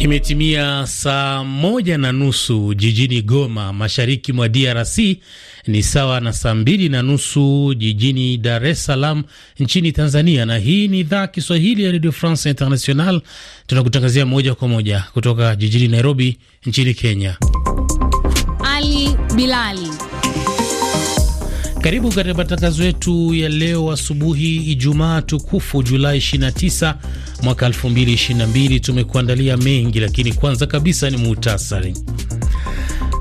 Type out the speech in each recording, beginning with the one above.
Imetimia saa moja na nusu jijini Goma, mashariki mwa DRC, ni sawa na saa mbili na nusu jijini Dar es Salaam nchini Tanzania. Na hii ni idhaa Kiswahili ya Radio France International, tunakutangazia moja kwa moja kutoka jijini Nairobi nchini Kenya. Ali Bilali karibu katika matangazo yetu ya leo asubuhi, Ijumaa tukufu Julai 29 mwaka 2022. Tumekuandalia mengi, lakini kwanza kabisa ni muhtasari.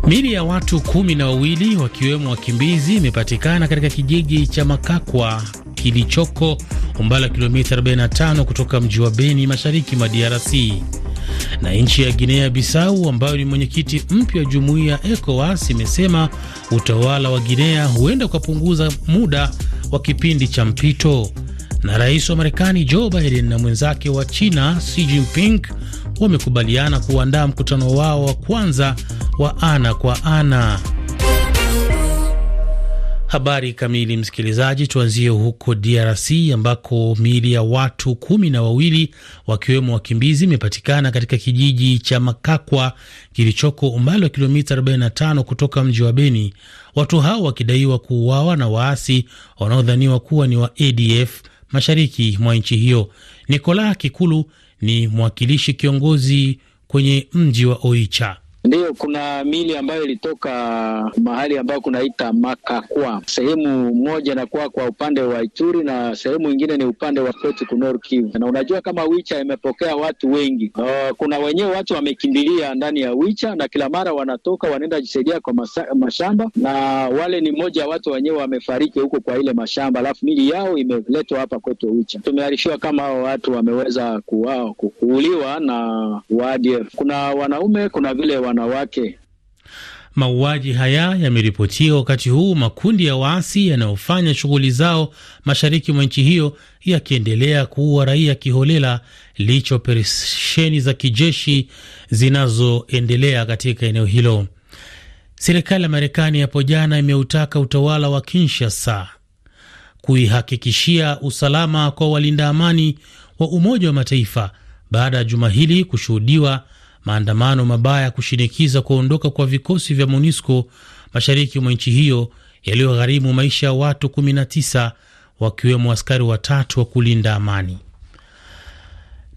Miili ya watu kumi na wawili wakiwemo wakimbizi imepatikana katika kijiji cha Makakwa kilichoko umbali wa kilomita 45 kutoka mji wa Beni mashariki mwa DRC. Na nchi ya Guinea Bissau ambayo ni mwenyekiti mpya wa jumuiya ya ECOWAS imesema utawala wa Guinea huenda ukapunguza muda wa kipindi cha mpito. Na rais wa Marekani Joe Biden na mwenzake wa China Xi Jinping wamekubaliana kuandaa mkutano wao wa kwanza wa ana kwa ana. Habari kamili, msikilizaji. Tuanzie huko DRC ambako miili ya watu kumi na wawili wakiwemo wakimbizi imepatikana katika kijiji cha Makakwa kilichoko umbali wa kilomita 45 kutoka mji wa Beni, watu hao wakidaiwa kuuawa na waasi wanaodhaniwa kuwa ni wa ADF mashariki mwa nchi hiyo. Nikola Kikulu ni mwakilishi kiongozi kwenye mji wa Oicha. Ndiyo, kuna mili ambayo ilitoka mahali ambayo kunaita Makakwa, sehemu moja inakuwa kwa upande wa Ituri na sehemu ingine ni upande wa kwetu Kunor Kivu. Na unajua kama Wicha imepokea watu wengi uh, kuna wenyewe watu wamekimbilia ndani ya Wicha na kila mara wanatoka wanaenda jisaidia kwa masa, mashamba, na wale ni moja ya watu wenyewe wamefariki huko kwa ile mashamba, alafu mili yao imeletwa hapa kwetu Wicha. tumearishiwa kama hao watu wameweza kuuliwa na waadf. Kuna wanaume kuna vile wana wanawake. Mauaji haya yameripotiwa wakati huu makundi ya waasi yanayofanya shughuli zao mashariki mwa nchi hiyo yakiendelea kuua raia kiholela, licha operesheni za kijeshi zinazoendelea katika eneo hilo. Serikali ya Marekani hapo jana imeutaka utawala wa Kinshasa kuihakikishia usalama kwa walinda amani wa Umoja wa Mataifa baada ya juma hili kushuhudiwa maandamano mabaya ya kushinikiza kuondoka kwa vikosi vya MONUSCO mashariki mwa nchi hiyo yaliyogharimu maisha ya watu 19 wakiwemo askari watatu wa kulinda amani.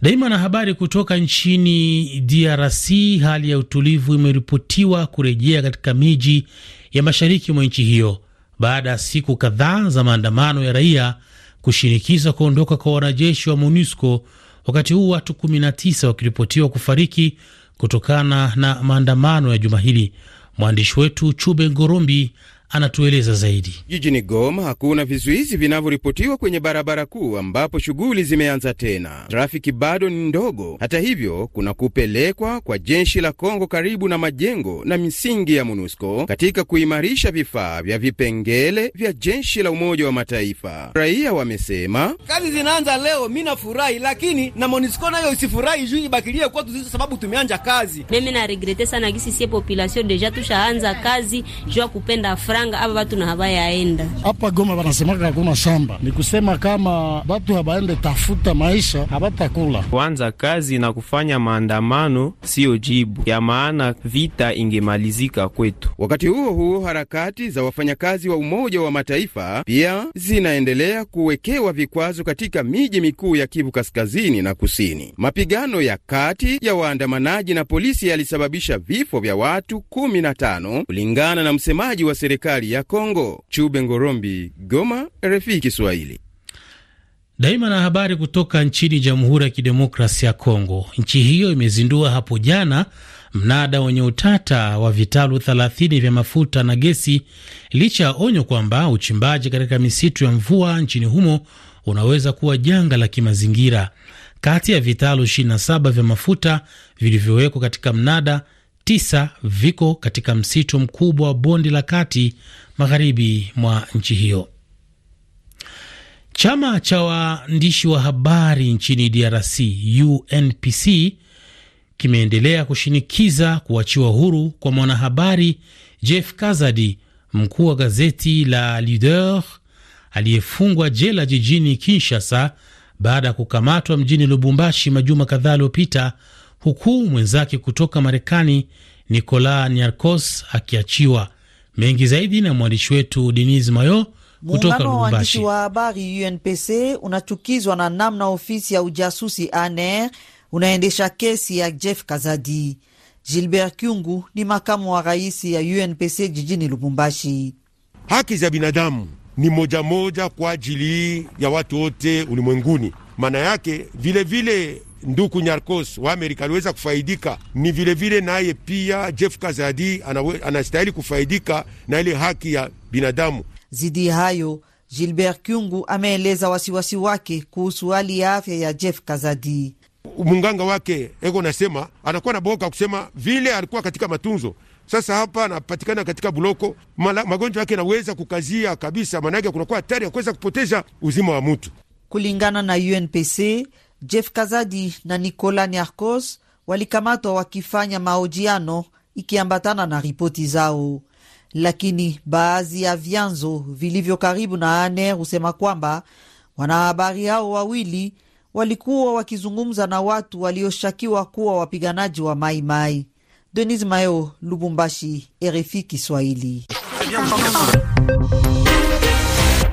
Daima na habari kutoka nchini DRC, hali ya utulivu imeripotiwa kurejea katika miji ya mashariki mwa nchi hiyo baada ya siku kadhaa za maandamano ya raia kushinikiza kuondoka kwa wanajeshi wa MONUSCO wakati huu watu 19 wakiripotiwa kufariki kutokana na maandamano ya juma hili. Mwandishi wetu Chube Ngorombi anatueleza zaidi. Jijini Goma hakuna vizuizi vinavyoripotiwa kwenye barabara kuu ambapo shughuli zimeanza tena. Trafiki bado ni ndogo. Hata hivyo, kuna kupelekwa kwa jeshi la Kongo karibu na majengo na misingi ya MONUSCO katika kuimarisha vifaa vya vipengele vya jeshi la Umoja wa Mataifa. Raia wamesema kazi zinaanza leo, mi nafurahi, lakini na MONUSCO nayo isifurahi juu ibakilie kwetu zizo, sababu tumeanja kazi. Mimi na sana gisi sie population deja tushaanza kazi jua kupenda Frank Katanga hapa, watu na habayaenda hapa Goma, wanasemaka hakuna shamba. Ni kusema kama watu habaende tafuta maisha habatakula. Kwanza kazi na kufanya maandamano siyo jibu ya maana, vita ingemalizika kwetu. Wakati huo huo, harakati za wafanyakazi wa Umoja wa Mataifa pia zinaendelea kuwekewa vikwazo katika miji mikuu ya Kivu Kaskazini na Kusini. Mapigano ya kati ya waandamanaji na polisi yalisababisha vifo vya watu 15 kulingana na msemaji wa serikali serikali ya Kongo. Chube Ngorombi, Goma, RFI Kiswahili. Daima na habari kutoka nchini Jamhuri ya Kidemokrasia ya Kongo. Nchi hiyo imezindua hapo jana mnada wenye utata wa vitalu 30 vya mafuta na gesi, licha ya onyo kwamba uchimbaji katika misitu ya mvua nchini humo unaweza kuwa janga la kimazingira. Kati ya vitalu 27 vya mafuta vilivyowekwa katika mnada tisa viko katika msitu mkubwa wa bonde la kati magharibi mwa nchi hiyo. Chama cha waandishi wa habari nchini DRC UNPC kimeendelea kushinikiza kuachiwa huru kwa mwanahabari Jeff Kazadi, mkuu wa gazeti la Leader aliyefungwa jela jijini Kinshasa baada ya kukamatwa mjini Lubumbashi majuma kadhaa aliyopita huku mwenzake kutoka Marekani Nicola Niarkos akiachiwa. Mengi zaidi na mwandishi wetu Denis Mayo. Muungano wa waandishi wa habari UNPC unachukizwa na namna ofisi ya ujasusi ANR unaendesha kesi ya Jeff Kazadi. Gilbert Kyungu ni makamu wa rais ya UNPC jijini Lubumbashi. Haki za binadamu ni moja moja kwa ajili ya watu wote ulimwenguni. Maana yake vilevile nduku Nyarkos wa Amerika aliweza kufaidika, ni vilevile naye pia Jeff Kazadi anastahili kufaidika na ile haki ya binadamu. Zidi hayo, Gilbert Kyungu ameeleza wasiwasi wake kuhusu hali ya afya ya Jeff Kazadi. Munganga wake eko nasema anakuwa na boka kusema vile alikuwa katika matunzo sasa hapa anapatikana katika buloko, magonjwa yake yanaweza kukazia kabisa, maanake kunakuwa hatari ya kuweza kupoteza uzima wa mtu. Kulingana na UNPC, Jeff Kazadi na Nicola Niarkos walikamatwa wakifanya mahojiano ikiambatana na ripoti zao, lakini baadhi ya vyanzo vilivyo karibu na ANR husema kwamba wanahabari hao wawili walikuwa wakizungumza na watu walioshakiwa kuwa wapiganaji wa Mai Mai. Denis Mayo, Lubumbashi, RFI Kiswahili.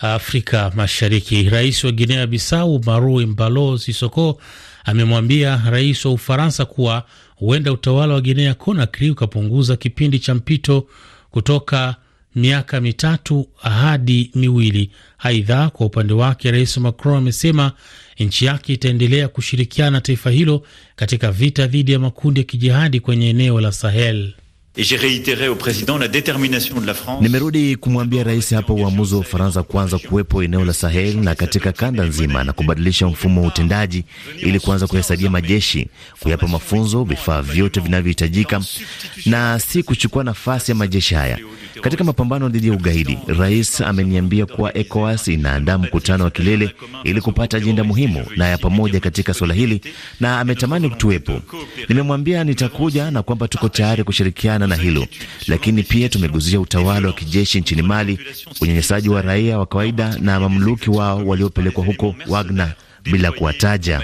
Afrika Mashariki. Rais wa Guinea Bissau Marui Mbalo Sisoko amemwambia rais wa Ufaransa kuwa huenda utawala wa Guinea Conakry ukapunguza kipindi cha mpito kutoka miaka mitatu hadi miwili. Aidha, kwa upande wake Rais Macron amesema nchi yake itaendelea kushirikiana na taifa hilo katika vita dhidi ya makundi ya kijihadi kwenye eneo la Sahel. Nimerudi kumwambia rais hapa uamuzi wa Ufaransa kuanza kuwepo eneo la Sahel na katika kanda nzima na kubadilisha mfumo wa utendaji ili kuanza kuyasaidia majeshi, kuyapa mafunzo, vifaa vyote vinavyohitajika na si kuchukua nafasi ya majeshi haya katika mapambano dhidi ya ugaidi. Rais ameniambia kuwa ECOWAS inaandaa mkutano wa kilele ili kupata ajenda muhimu na ya pamoja katika suala hili, na ametamani tuwepo Nimemwambia nitakuja na kwamba tuko tayari kushirikiana kupambana na hilo, lakini pia tumeguzia utawala wa kijeshi nchini Mali, unyanyasaji wa raia wa kawaida na mamluki wao waliopelekwa huko Wagner, bila kuwataja.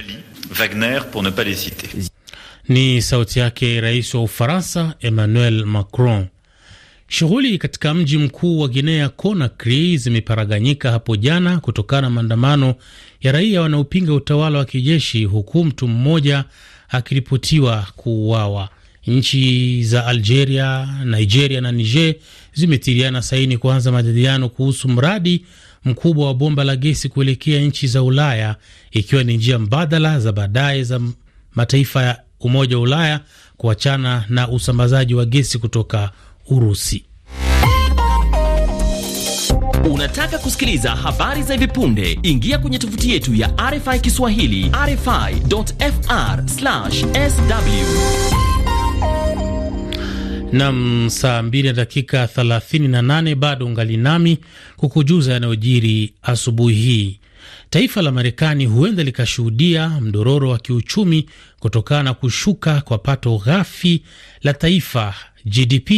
Ni sauti yake rais wa Ufaransa Emmanuel Macron. Shughuli katika mji mkuu wa Guinea Conakry zimeparaganyika hapo jana kutokana na maandamano ya raia wanaopinga utawala wa kijeshi, huku mtu mmoja akiripotiwa kuuawa. Nchi za Algeria, Nigeria na Niger zimetiliana saini kuanza majadiliano kuhusu mradi mkubwa wa bomba la gesi kuelekea nchi za Ulaya, ikiwa ni njia mbadala za baadaye za mataifa ya Umoja wa Ulaya kuachana na usambazaji wa gesi kutoka Urusi. Unataka kusikiliza habari za hivi punde? Ingia kwenye tovuti yetu ya RFI Kiswahili, rfi.fr/sw. Nam, saa mbili na dakika thelathini na nane bado ungali nami kukujuza yanayojiri asubuhi hii. Taifa la Marekani huenda likashuhudia mdororo wa kiuchumi kutokana na kushuka kwa pato ghafi la taifa GDP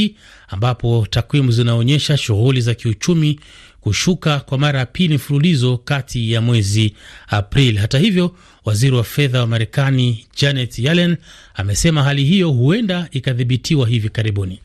ambapo takwimu zinaonyesha shughuli za kiuchumi kushuka kwa mara ya pili mfululizo kati ya mwezi Aprili. Hata hivyo, waziri wa fedha wa Marekani Janet Yellen amesema hali hiyo huenda ikadhibitiwa hivi karibuni.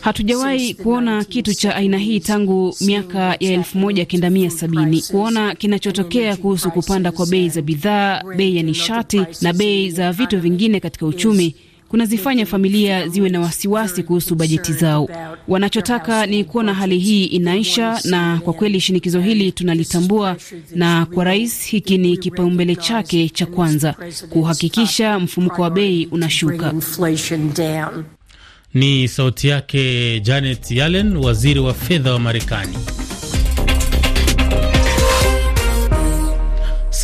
Hatujawahi kuona kitu cha aina hii tangu miaka ya elfu moja kenda mia sabini. Kuona kinachotokea kuhusu kupanda kwa bei za bidhaa, bei ya nishati na bei za vitu vingine katika uchumi kunazifanya familia ziwe na wasiwasi kuhusu bajeti zao. Wanachotaka ni kuona hali hii inaisha, na kwa kweli shinikizo hili tunalitambua, na kwa rais hiki ni kipaumbele chake cha kwanza kuhakikisha mfumuko wa bei unashuka. Ni sauti yake Janet Yellen, waziri wa fedha wa Marekani.